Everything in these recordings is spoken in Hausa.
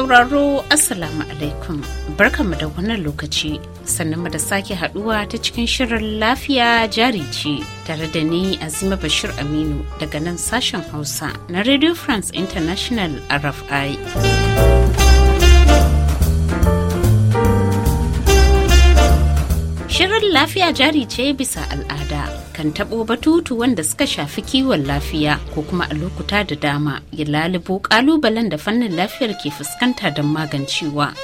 sauraro Assalamu alaikum barkanmu da wannan lokaci sannan da sake haduwa ta cikin shirin lafiya jari ce tare da ni Azima Bashir Aminu daga nan sashen Hausa na Radio France International RFI. Shirin lafiya jari ce bisa al'ada kan taɓo batutu wanda suka shafi kiwon lafiya ko kuma a lokuta da dama ya lalubo kalubalen da fannin lafiyar ke fuskanta don magancewa.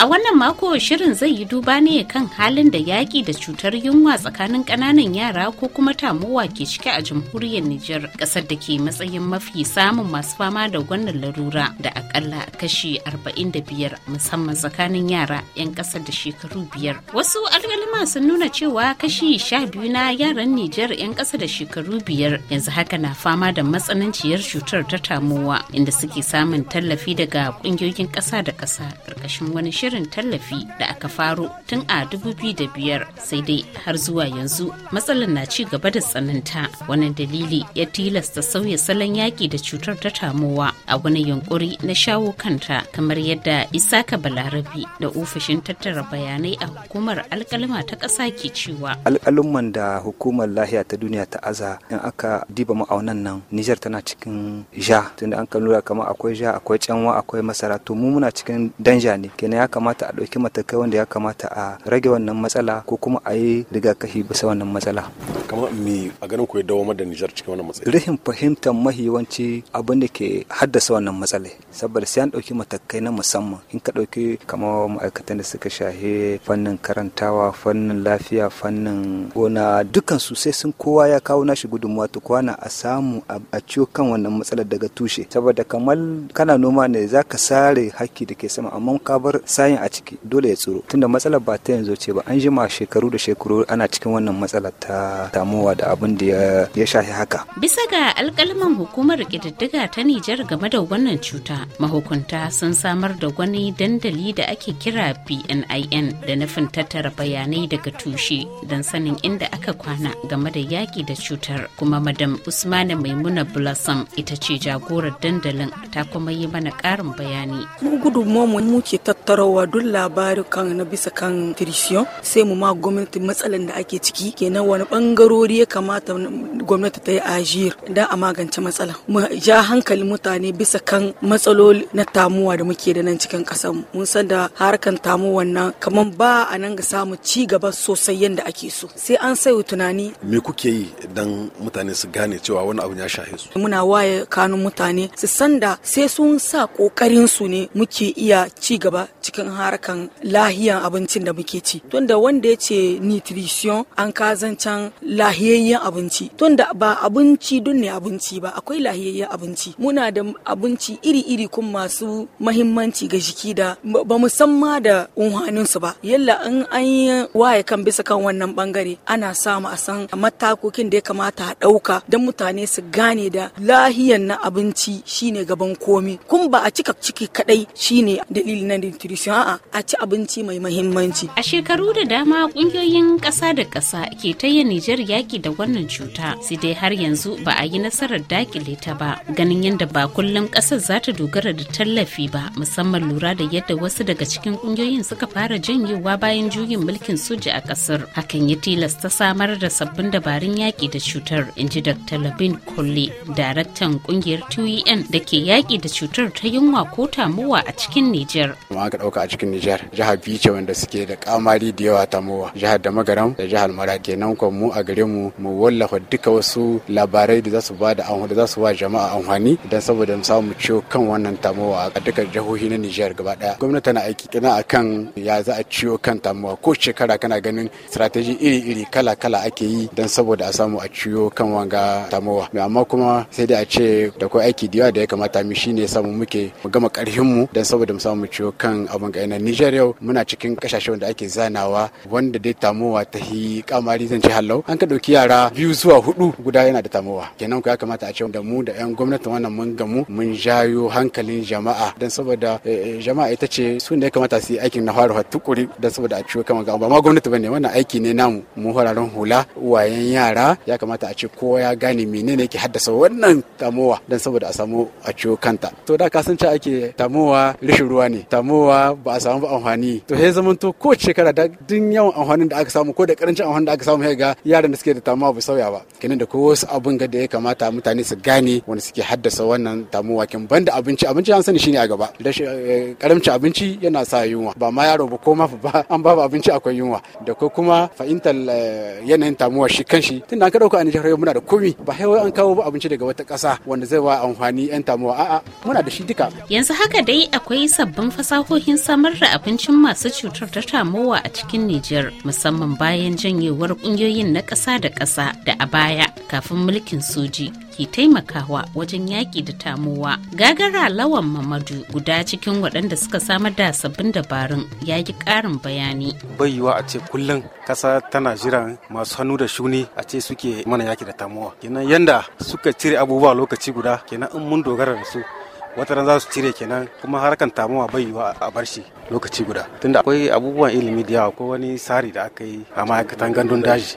A wannan mako shirin zai yi duba ne kan halin da yaƙi da cutar yunwa tsakanin ƙananan yara ko kuma tamowa ke cike a jamhuriyar Nijar ƙasar da ke matsayin mafi samun masu fama da wannan larura da akalla kashi 45 musamman tsakanin yara 'yan ƙasar da shekaru biyar. Wasu alƙalima sun nuna cewa kashi 12 na yaran Nijar 'yan ƙasa da shekaru biyar yanzu haka na fama da matsananciyar cutar ta tamowa inda suke samun tallafi daga ƙungiyoyin ƙasa da ƙasa ƙarƙashin wani shirin shirin tallafi da aka faro tun a 2005 sai dai har zuwa yanzu matsalar na ci gaba da tsananta wani dalili ya tilasta sauya salon yaki da cutar ta tamowa a wani yunkuri na shawo kanta kamar yadda isaka balarabi da ofishin tattara bayanai a hukumar alkalima ta ƙasa ke cewa alkalumman da hukumar lahiya ta duniya ta aza in aka diba ma'aunan nan nijar tana cikin ja tunda an kan lura kamar akwai ja akwai canwa akwai masara to mu muna cikin danja ne kenan ya kamata a ɗauki matakai wanda ya kamata a rage wannan matsala ko kuma a yi rigakafi bisa wannan matsala kama mi a ganin ku ya dawo da Nijar cikin wannan matsala. Rihin fahimtar mahiwanci abin da ke haddasa wannan matsala saboda sai an ɗauki matakai na musamman in ka ɗauki kamar ma'aikatan da suka shahe fannin karantawa fannin lafiya fannin gona dukkan su sai sun kowa ya kawo nashi gudunmawa ta kwana a samu a ciwo kan wannan matsalar daga tushe saboda kamar kana noma ne za ka sare hakki da ke sama amma ka bar sa yayin a ciki dole ya tsiro tunda matsalar ba ta yanzu ce ba an jima shekaru da shekaru ana cikin wannan matsalar ta damuwa da abin da ya shafi haka bisa ga alkalman hukumar kididdiga ta Nijar game da wannan cuta mahukunta sun samar da wani dandali da ake kira BNIN da nufin tattara bayanai daga tushe don sanin inda aka kwana game da yaki da cutar kuma madam Usmana Maimuna Blossom ita ce jagorar dandalin ta kuma yi mana karin bayani mu gudunmu mu muke tattarawa kawo duk kan na bisa kan tirisiyon sai mu ma gwamnati matsalan da ake ciki kenan wani bangarori ya kamata gwamnati ta yi ajiyar da a magance matsala mu ja hankalin mutane bisa kan matsaloli na tamuwa da muke da nan cikin ƙasar mun san da harkan tamuwa nan kamar ba a nan ga samu ci gaba sosai yadda ake so sai an sayo tunani me kuke yi dan mutane su gane cewa wani abu ya shahe su muna waye kanun mutane su san da sai sun sa kokarin su ne muke iya ci gaba cikin harkan lahiyan abincin da muke ci tunda wanda ya ce nutrition an kazancan lahiyayyen abinci tun tunda ba abinci don ne abinci ba akwai lahiyayyen abinci muna da abinci iri-iri kun masu mahimmanci ga jiki da ba musamman san ma da unhaninsu ba yalla in an yi waye kan bisa kan wannan bangare ana samu a san matakokin da ya kamata a ɗauka don mutane su gane da lahiyan na abinci shine gaban komi kun ba a cika ciki kadai shine dalili na nutrition a'a a ci abinci mai mahimmanci a shekaru da dama kungiyoyin ƙasa da ƙasa ke taya Nijar yaki da wannan cuta sai dai har yanzu ba a yi nasarar dakile ta ba ganin yadda ba kullum ƙasar za ta dogara da tallafi ba musamman lura da yadda wasu daga cikin kungiyoyin suka fara janyewa bayan juyin mulkin soja a ƙasar. hakan ya tilasta samar da sabbin dabarun yaƙi da cutar in ji dr labin kulle daraktan kungiyar tun e da ke yaƙi da cutar ta yunwa ko tamuwa a cikin nijar. niger aka ɗauka a cikin nijar jihar biyu ce wanda suke da kamari da yawa tamuwa jihar da magaram da jihar mara kenan kuma mu a gare mu mu wallafa duka ta wasu labarai da za su ba da da za su ba jama'a amfani don saboda mu samu ciwo kan wannan tamowa a dukkan jihohi na Nijar gaba daya. Gwamnati na aiki kana akan ya za a ciwo kan tamowa ko shekara kana ganin strategy iri-iri kala-kala ake yi don saboda a samu a ciwo kan wanga tamowa. Amma kuma sai dai a ce da ko aiki da yawa da ya kamata mu shine samu muke mu gama karhin mu don saboda mu samu ciwo kan abin ga Nijar yau muna cikin kasashe wanda ake zanawa wanda dai tamowa ta yi kamari zan ce hallau an ka dauki yara biyu zuwa hudu hudu guda yana da tamowa kenan ku ya kamata a ce da mu da yan gwamnatin wannan mun gamu mun jayo hankalin jama'a dan saboda eh, eh, jama'a ita ce su ne kamata su yi aikin na fara tukuri dan saboda a ciwo kama ba ma gwamnati bane wannan aiki ne namu mu hararen hula wayan yara ya kamata a ce kowa ya gane menene yake haddasa wannan tamowa dan saboda a samu a ciwo kanta to da ka san ce ake tamowa rishin ruwa ne tamowa ba a samu ba amfani to he zaman to ko shekara da duk yawan amfanin da aka samu ko da karancin amfanin da aka samu he ga yaran da suke da tamowa ba sauya ba kenan da ko wasu abun ga da ya kamata mutane su gane wanda suke haddasa wannan tamuwa kin banda abinci abinci an sani shine a gaba eh, karamci abinci yana sa yunwa ba ma yaro ba ko ma ba an babu abinci akwai yunwa da ko kuma fahimtar eh, yanayin tamuwa shi kanshi tunda an ka dauka a Nijar muna da komi ba sai an kawo ba abinci daga wata ƙasa wanda zai wa amfani yan tamuwa a'a muna da shi duka yanzu haka dai akwai sabbin fasahohin samar da abincin masu cutar ta tamuwa a cikin Nijar musamman bayan janyewar kungiyoyin na ƙasa da ƙasa da a baya baya kafin mulkin soji ke taimakawa wajen yaƙi da tamowa. Gagara lawan Mamadu guda cikin waɗanda suka samar da sabbin dabarun ya yi ƙarin bayani. Bai a ce kullum ƙasa tana jiran masu hannu da shuni a ce suke mana yaƙi da tamowa. Kenan yanda suka cire abubuwa lokaci guda kenan in mun dogara da su wata ran za su cire kenan kuma harkan tamuwa bai yiwa a bar shi lokaci guda tunda akwai abubuwan ilimi da yawa akwai wani sari da aka yi a ma'aikatan gandun daji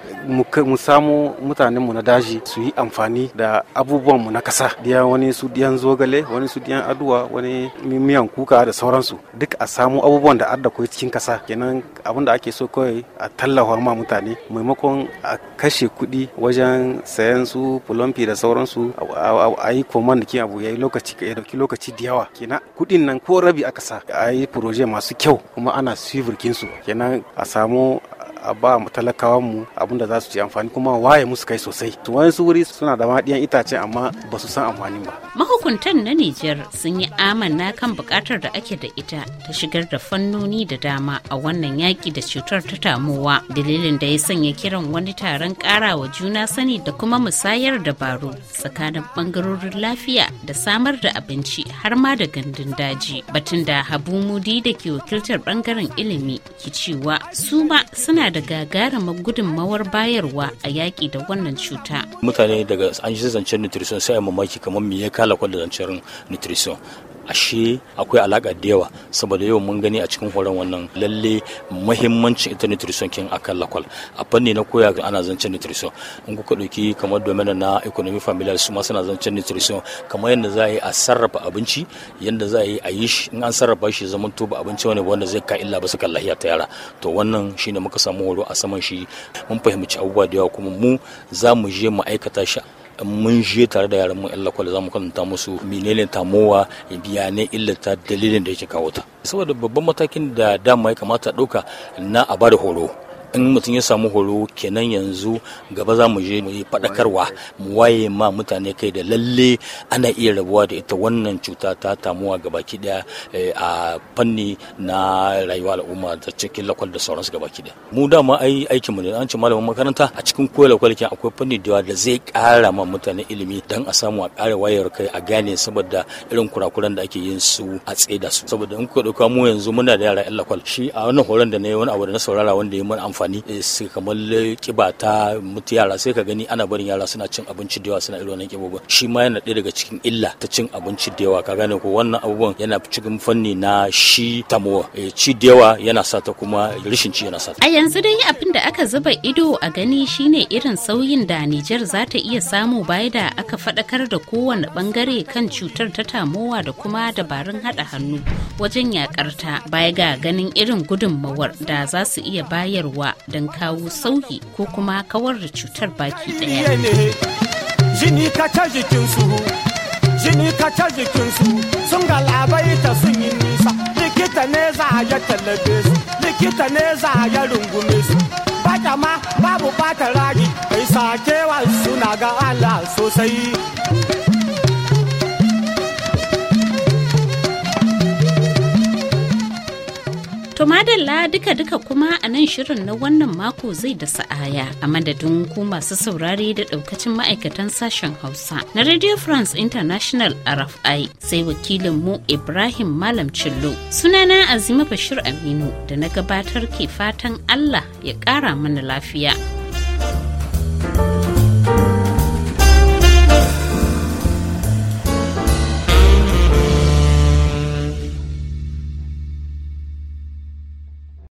mu samu mutanen mu na daji su yi amfani da abubuwan mu na kasa diya wani su diyan zogale wani su diyan aduwa wani miyan kuka da sauransu duk a samu abubuwan da adda koyi cikin kasa kenan abin da ake so kawai a tallafa ma mutane maimakon a kashe kuɗi wajen sayan su fulomfi da sauransu a yi komandakin abu ya yi lokaci ya dauki lokaci da yawa kenan kuɗin nan ko rabi aka sa a yi proje masu kyau kuma ana suivirkin su kenan a samu a ba mu talakawan mu abin da za su ci amfani kuma waye musu kai sosai to wani su wuri suna da maɗiyan itace amma ba su san amfani ba mahukuntan na Nijar sun yi amanna kan bukatar da ake da ita ta shigar da fannoni da dama a wannan yaki da cutar ta tamowa dalilin da ya sanya kiran wani taron ƙarawa juna sani da kuma musayar dabaru tsakanin bangarorin lafiya da samar da abinci har ma da gandun daji batun da habu mudi da ke wakiltar bangaren ilimi ki cewa su ma suna da gagarumar gudunmawar bayarwa a yaƙi da wannan cuta. Mutane daga an shi zancen nutrition sai a mamaki kamar me ya kala kwallon zancen nutrition ashe akwai alaƙa da yawa saboda yau mun gani a cikin horon wannan lalle muhimmancin ita nutrition kin kan lakwal a fanni na koya ana zancen nutrition in kuka ɗauki kamar domin na economy familial su ma suna zancen nutrition kamar yadda za a yi a sarrafa abinci yadda za a yi a yi shi in an sarrafa shi zama to ba abinci wani wanda zai ka illa ba su kan lahiya ta yara to wannan shi shine muka samu horo a saman shi mun fahimci abubuwa da yawa kuma mu za mu je mu aikata shi mun je tare da yaran mu yan lakwal za mu karanta musu menene tamowa biya ne illata dalilin da yake kawo ta saboda babban matakin da dama ya kamata ɗauka na a bada horo in mutum ya samu horo kenan yanzu gaba za mu je mu yi faɗakarwa mu waye ma mutane kai da lalle ana iya rabuwa da ita wannan cuta ta tamuwa gabaki daya eh, a fanni na rayuwa al'umma da cikin lakwal da sauransu ki daya mu dama ai aikin mu ne an ce malamin makaranta a cikin koyar lakwal ki akwai fanni da da zai kara ma mutane ilimi dan a samu a kara wayar kai a gane saboda irin kurakuran da ake yin su a tsaida su saboda in ka dauka mu yanzu muna da yara yan lakwal shi a wannan horon da na yi wani abu da na saurara wanda ya mun amfani amfani eh, sai kamar kiba ta mutu yara sai ka gani ana barin yara suna cin abinci da yawa suna irin wannan kiba shi ma yana ɗaya daga cikin illa ta cin abinci da yawa ka gane ko wannan abubuwan yana cikin fanni na shi tamuwa eh, ci da yawa yana sa ta kuma rishin ci yana sa a yanzu dai abin da aka zuba ido a gani shine irin sauyin da Nijar za ta iya samu baya da aka faɗakar da kowane bangare kan cutar ta tamowa da kuma dabarun haɗa hannu wajen yakarta baya ga ganin irin gudunmawar da za su iya bayarwa gaba don kawo sauyi ko kuma kawar da cutar baki daya. Jini ka ta jikinsu, jini ka ta sun galabaita sun yi nisa, likita ne za a ya talabe su, likita ne za a ya rungume su. Bata ma babu bata ragi, kai sakewa suna ga Allah sosai. madalla duka-duka kuma a nan shirin na wannan mako zai da sa'aya a madadin ku masu saurare da daukacin ma'aikatan sashen hausa na radio france international rfi sai wakilin mu ibrahim malam cillo sunana azima bashir aminu da na gabatar ke fatan allah ya kara mana lafiya.